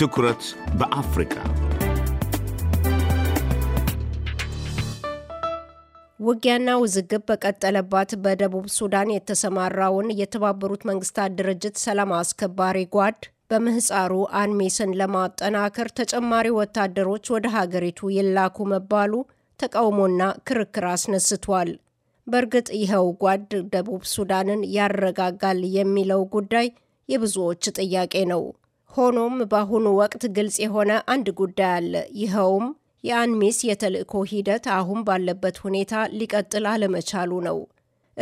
ትኩረት በአፍሪካ ውጊያና ውዝግብ በቀጠለባት በደቡብ ሱዳን የተሰማራውን የተባበሩት መንግስታት ድርጅት ሰላም አስከባሪ ጓድ በምህፃሩ አንሚስን ለማጠናከር ተጨማሪ ወታደሮች ወደ ሀገሪቱ ይላኩ መባሉ ተቃውሞና ክርክር አስነስቷል። በእርግጥ ይኸው ጓድ ደቡብ ሱዳንን ያረጋጋል የሚለው ጉዳይ የብዙዎች ጥያቄ ነው። ሆኖም በአሁኑ ወቅት ግልጽ የሆነ አንድ ጉዳይ አለ። ይኸውም የአንሚስ የተልእኮ ሂደት አሁን ባለበት ሁኔታ ሊቀጥል አለመቻሉ ነው።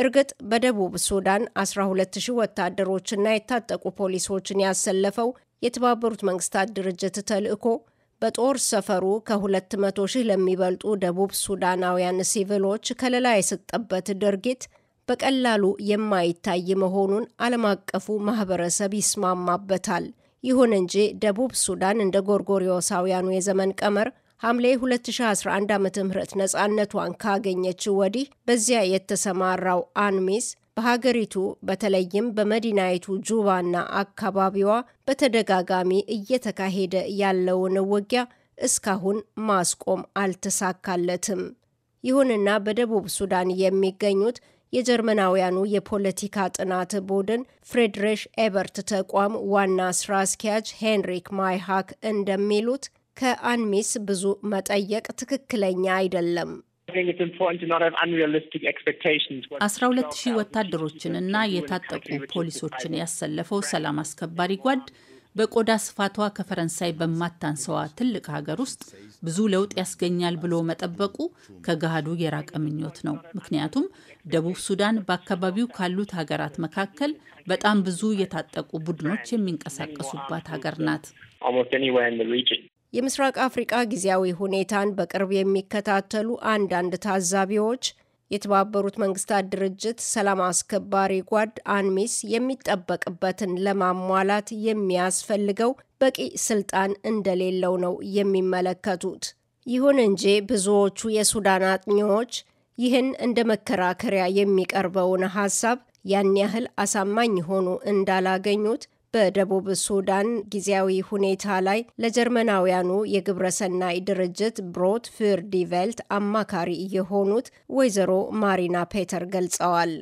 እርግጥ በደቡብ ሱዳን 12000 ወታደሮችና የታጠቁ ፖሊሶችን ያሰለፈው የተባበሩት መንግስታት ድርጅት ተልእኮ በጦር ሰፈሩ ከ200 ሺህ ለሚበልጡ ደቡብ ሱዳናውያን ሲቪሎች ከለላ የሰጠበት ድርጊት በቀላሉ የማይታይ መሆኑን ዓለም አቀፉ ማህበረሰብ ይስማማበታል። ይሁን እንጂ ደቡብ ሱዳን እንደ ጎርጎሪዮሳውያኑ የዘመን ቀመር ሐምሌ 2011 ዓ ም ነፃነቷን ካገኘች ወዲህ በዚያ የተሰማራው አንሚስ በሀገሪቱ በተለይም በመዲናይቱ ጁባና አካባቢዋ በተደጋጋሚ እየተካሄደ ያለውን ውጊያ እስካሁን ማስቆም አልተሳካለትም። ይሁንና በደቡብ ሱዳን የሚገኙት የጀርመናውያኑ የፖለቲካ ጥናት ቡድን ፍሬድሪሽ ኤበርት ተቋም ዋና ስራ አስኪያጅ ሄንሪክ ማይሃክ እንደሚሉት ከአንሚስ ብዙ መጠየቅ ትክክለኛ አይደለም። አስራ ሁለት ሺህ ወታደሮችንና የታጠቁ ፖሊሶችን ያሰለፈው ሰላም አስከባሪ ጓድ በቆዳ ስፋቷ ከፈረንሳይ በማታንሰዋ ትልቅ ሀገር ውስጥ ብዙ ለውጥ ያስገኛል ብሎ መጠበቁ ከገሃዱ የራቀ ምኞት ነው። ምክንያቱም ደቡብ ሱዳን በአካባቢው ካሉት ሀገራት መካከል በጣም ብዙ የታጠቁ ቡድኖች የሚንቀሳቀሱባት ሀገር ናት። የምስራቅ አፍሪቃ ጊዜያዊ ሁኔታን በቅርብ የሚከታተሉ አንዳንድ ታዛቢዎች የተባበሩት መንግስታት ድርጅት ሰላም አስከባሪ ጓድ አንሚስ የሚጠበቅበትን ለማሟላት የሚያስፈልገው በቂ ስልጣን እንደሌለው ነው የሚመለከቱት። ይሁን እንጂ ብዙዎቹ የሱዳን አጥኚዎች ይህን እንደ መከራከሪያ የሚቀርበውን ሀሳብ ያን ያህል አሳማኝ ሆኑ እንዳላገኙት በደቡብ ሱዳን ጊዜያዊ ሁኔታ ላይ ለጀርመናውያኑ የግብረሰናይ ድርጅት ብሮት ፍር ዲቬልት አማካሪ የሆኑት ወይዘሮ ማሪና ፔተር ገልጸዋል።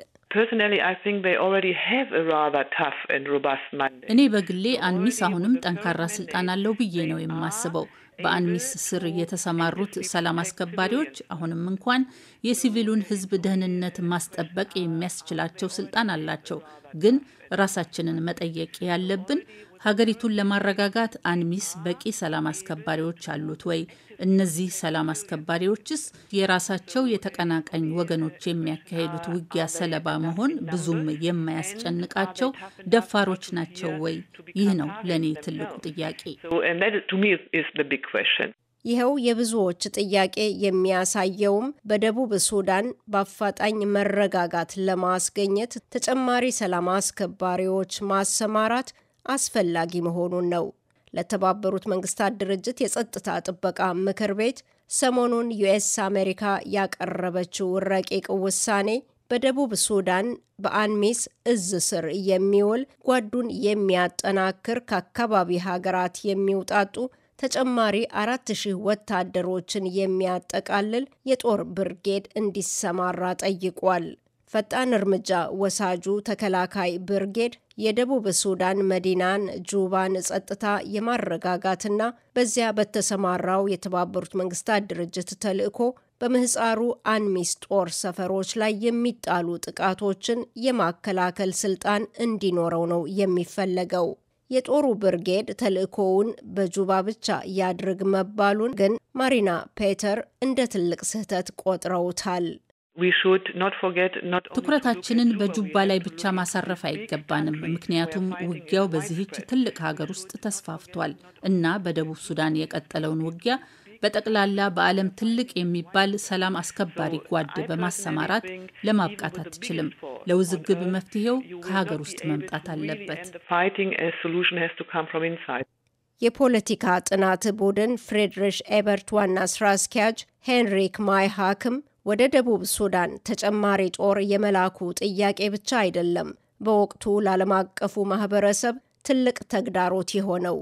እኔ በግሌ አንሚስ አሁንም ጠንካራ ስልጣን አለው ብዬ ነው የማስበው። በአንሚስ ስር የተሰማሩት ሰላም አስከባሪዎች አሁንም እንኳን የሲቪሉን ሕዝብ ደህንነት ማስጠበቅ የሚያስችላቸው ስልጣን አላቸው። ግን ራሳችንን መጠየቅ ያለብን ሀገሪቱን ለማረጋጋት አንሚስ በቂ ሰላም አስከባሪዎች አሉት ወይ? እነዚህ ሰላም አስከባሪዎችስ የራሳቸው የተቀናቃኝ ወገኖች የሚያካሂዱት ውጊያ ሰለባ መሆን ብዙም የማያስጨንቃቸው ደፋሮች ናቸው ወይ? ይህ ነው ለእኔ ትልቁ ጥያቄ። ይኸው የብዙዎች ጥያቄ የሚያሳየውም በደቡብ ሱዳን በአፋጣኝ መረጋጋት ለማስገኘት ተጨማሪ ሰላም አስከባሪዎች ማሰማራት አስፈላጊ መሆኑን ነው። ለተባበሩት መንግስታት ድርጅት የጸጥታ ጥበቃ ምክር ቤት ሰሞኑን ዩኤስ አሜሪካ ያቀረበችው ረቂቅ ውሳኔ በደቡብ ሱዳን በአንሚስ እዝ ስር የሚውል ጓዱን የሚያጠናክር ከአካባቢ ሀገራት የሚውጣጡ ተጨማሪ አራት ሺህ ወታደሮችን የሚያጠቃልል የጦር ብርጌድ እንዲሰማራ ጠይቋል። ፈጣን እርምጃ ወሳጁ ተከላካይ ብርጌድ የደቡብ ሱዳን መዲናን ጁባን ጸጥታ የማረጋጋትና በዚያ በተሰማራው የተባበሩት መንግስታት ድርጅት ተልዕኮ በምህፃሩ አንሚስ ጦር ሰፈሮች ላይ የሚጣሉ ጥቃቶችን የማከላከል ስልጣን እንዲኖረው ነው የሚፈለገው። የጦሩ ብርጌድ ተልዕኮውን በጁባ ብቻ ያድርግ መባሉን ግን ማሪና ፔተር እንደ ትልቅ ስህተት ቆጥረውታል። ትኩረታችንን በጁባ ላይ ብቻ ማሳረፍ አይገባንም። ምክንያቱም ውጊያው በዚህች ትልቅ ሀገር ውስጥ ተስፋፍቷል እና በደቡብ ሱዳን የቀጠለውን ውጊያ በጠቅላላ በዓለም ትልቅ የሚባል ሰላም አስከባሪ ጓድ በማሰማራት ለማብቃት አትችልም። ለውዝግብ መፍትሄው ከሀገር ውስጥ መምጣት አለበት። የፖለቲካ ጥናት ቡድን ፍሬድሪሽ ኤበርት ዋና ስራ አስኪያጅ ሄንሪክ ማይሃክም ወደ ደቡብ ሱዳን ተጨማሪ ጦር የመላኩ ጥያቄ ብቻ አይደለም በወቅቱ ለዓለም አቀፉ ማህበረሰብ ትልቅ ተግዳሮት የሆነው።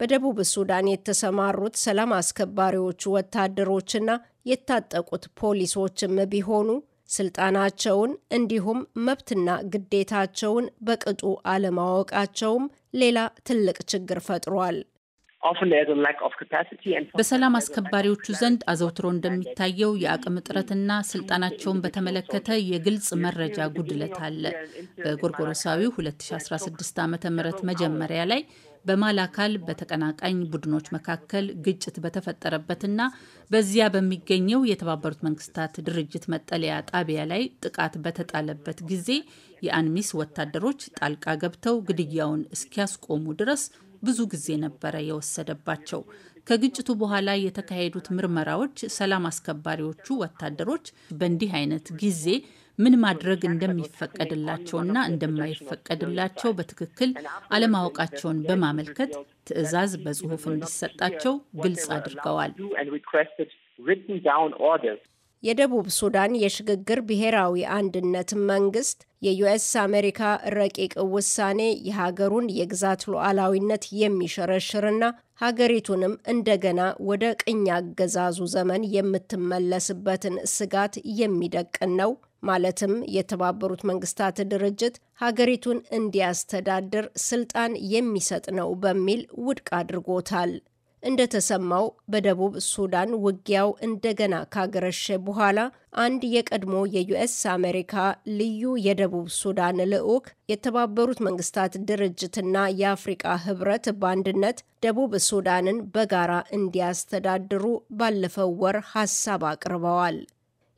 በደቡብ ሱዳን የተሰማሩት ሰላም አስከባሪዎቹ ወታደሮችና የታጠቁት ፖሊሶችም ቢሆኑ ስልጣናቸውን እንዲሁም መብትና ግዴታቸውን በቅጡ አለማወቃቸውም ሌላ ትልቅ ችግር ፈጥሯል። በሰላም አስከባሪዎቹ ዘንድ አዘውትሮ እንደሚታየው mm-hmm. የአቅም እጥረትና ስልጣናቸውን mm-hmm. በተመለከተ የግልጽ መረጃ ጉድለት አለ። በጎርጎረሳዊ 2016 ዓ ም መጀመሪያ ላይ በማላካል በተቀናቃኝ ቡድኖች መካከል ግጭት በተፈጠረበትና በዚያ በሚገኘው የተባበሩት መንግስታት ድርጅት መጠለያ ጣቢያ ላይ ጥቃት በተጣለበት ጊዜ የአንሚስ ወታደሮች ጣልቃ ገብተው ግድያውን እስኪያስቆሙ ድረስ ብዙ ጊዜ ነበረ የወሰደባቸው። ከግጭቱ በኋላ የተካሄዱት ምርመራዎች ሰላም አስከባሪዎቹ ወታደሮች በእንዲህ አይነት ጊዜ ምን ማድረግ እንደሚፈቀድላቸውና እንደማይፈቀድላቸው በትክክል አለማወቃቸውን በማመልከት ትዕዛዝ በጽሁፍ እንዲሰጣቸው ግልጽ አድርገዋል። የደቡብ ሱዳን የሽግግር ብሔራዊ አንድነት መንግስት የዩኤስ አሜሪካ ረቂቅ ውሳኔ የሀገሩን የግዛት ሉዓላዊነት የሚሸረሽርና ሀገሪቱንም እንደገና ወደ ቅኝ አገዛዙ ዘመን የምትመለስበትን ስጋት የሚደቅን ነው። ማለትም የተባበሩት መንግስታት ድርጅት ሀገሪቱን እንዲያስተዳድር ስልጣን የሚሰጥ ነው በሚል ውድቅ አድርጎታል። እንደተሰማው በደቡብ ሱዳን ውጊያው እንደገና ካገረሸ በኋላ አንድ የቀድሞ የዩኤስ አሜሪካ ልዩ የደቡብ ሱዳን ልዑክ የተባበሩት መንግስታት ድርጅትና የአፍሪቃ ህብረት በአንድነት ደቡብ ሱዳንን በጋራ እንዲያስተዳድሩ ባለፈው ወር ሀሳብ አቅርበዋል።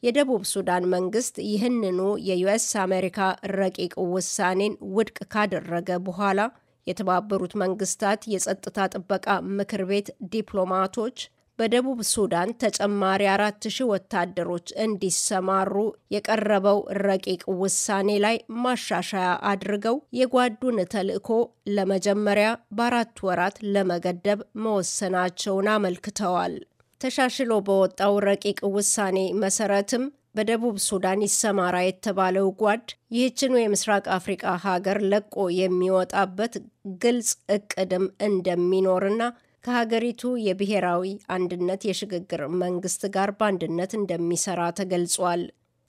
የደቡብ ሱዳን መንግስት ይህንኑ የዩኤስ አሜሪካ ረቂቅ ውሳኔን ውድቅ ካደረገ በኋላ የተባበሩት መንግስታት የጸጥታ ጥበቃ ምክር ቤት ዲፕሎማቶች በደቡብ ሱዳን ተጨማሪ አራት ሺህ ወታደሮች እንዲሰማሩ የቀረበው ረቂቅ ውሳኔ ላይ ማሻሻያ አድርገው የጓዱን ተልዕኮ ለመጀመሪያ በአራት ወራት ለመገደብ መወሰናቸውን አመልክተዋል። ተሻሽሎ በወጣው ረቂቅ ውሳኔ መሰረትም በደቡብ ሱዳን ይሰማራ የተባለው ጓድ ይህችኑ የምስራቅ አፍሪቃ ሀገር ለቆ የሚወጣበት ግልጽ እቅድም እንደሚኖርና ከሀገሪቱ የብሔራዊ አንድነት የሽግግር መንግስት ጋር በአንድነት እንደሚሰራ ተገልጿል።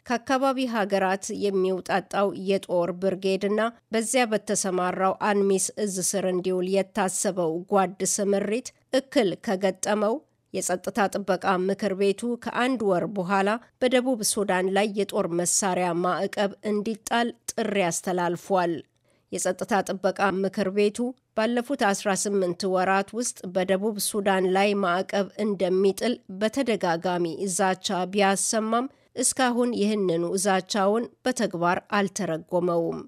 ከአካባቢ ሀገራት የሚውጣጣው የጦር ብርጌድና በዚያ በተሰማራው አንሚስ እዝ ስር እንዲውል የታሰበው ጓድ ስምሪት እክል ከገጠመው የጸጥታ ጥበቃ ምክር ቤቱ ከአንድ ወር በኋላ በደቡብ ሱዳን ላይ የጦር መሳሪያ ማዕቀብ እንዲጣል ጥሪ አስተላልፏል። የጸጥታ ጥበቃ ምክር ቤቱ ባለፉት 18 ወራት ውስጥ በደቡብ ሱዳን ላይ ማዕቀብ እንደሚጥል በተደጋጋሚ እዛቻ ቢያሰማም እስካሁን ይህንኑ እዛቻውን በተግባር አልተረጎመውም።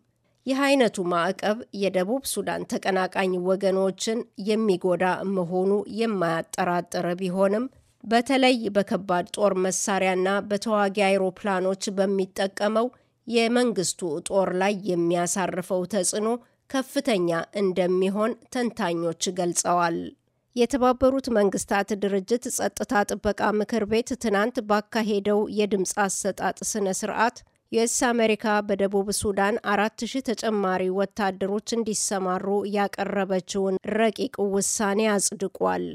ይህ አይነቱ ማዕቀብ የደቡብ ሱዳን ተቀናቃኝ ወገኖችን የሚጎዳ መሆኑ የማያጠራጥር ቢሆንም በተለይ በከባድ ጦር መሳሪያና በተዋጊ አይሮፕላኖች በሚጠቀመው የመንግስቱ ጦር ላይ የሚያሳርፈው ተጽዕኖ ከፍተኛ እንደሚሆን ተንታኞች ገልጸዋል። የተባበሩት መንግስታት ድርጅት ጸጥታ ጥበቃ ምክር ቤት ትናንት ባካሄደው የድምፅ አሰጣጥ ስነ ስርዓት የስ አሜሪካ በደቡብ ሱዳን አራት ሺህ ተጨማሪ ወታደሮች እንዲሰማሩ ያቀረበችውን ረቂቅ ውሳኔ አጽድቋል።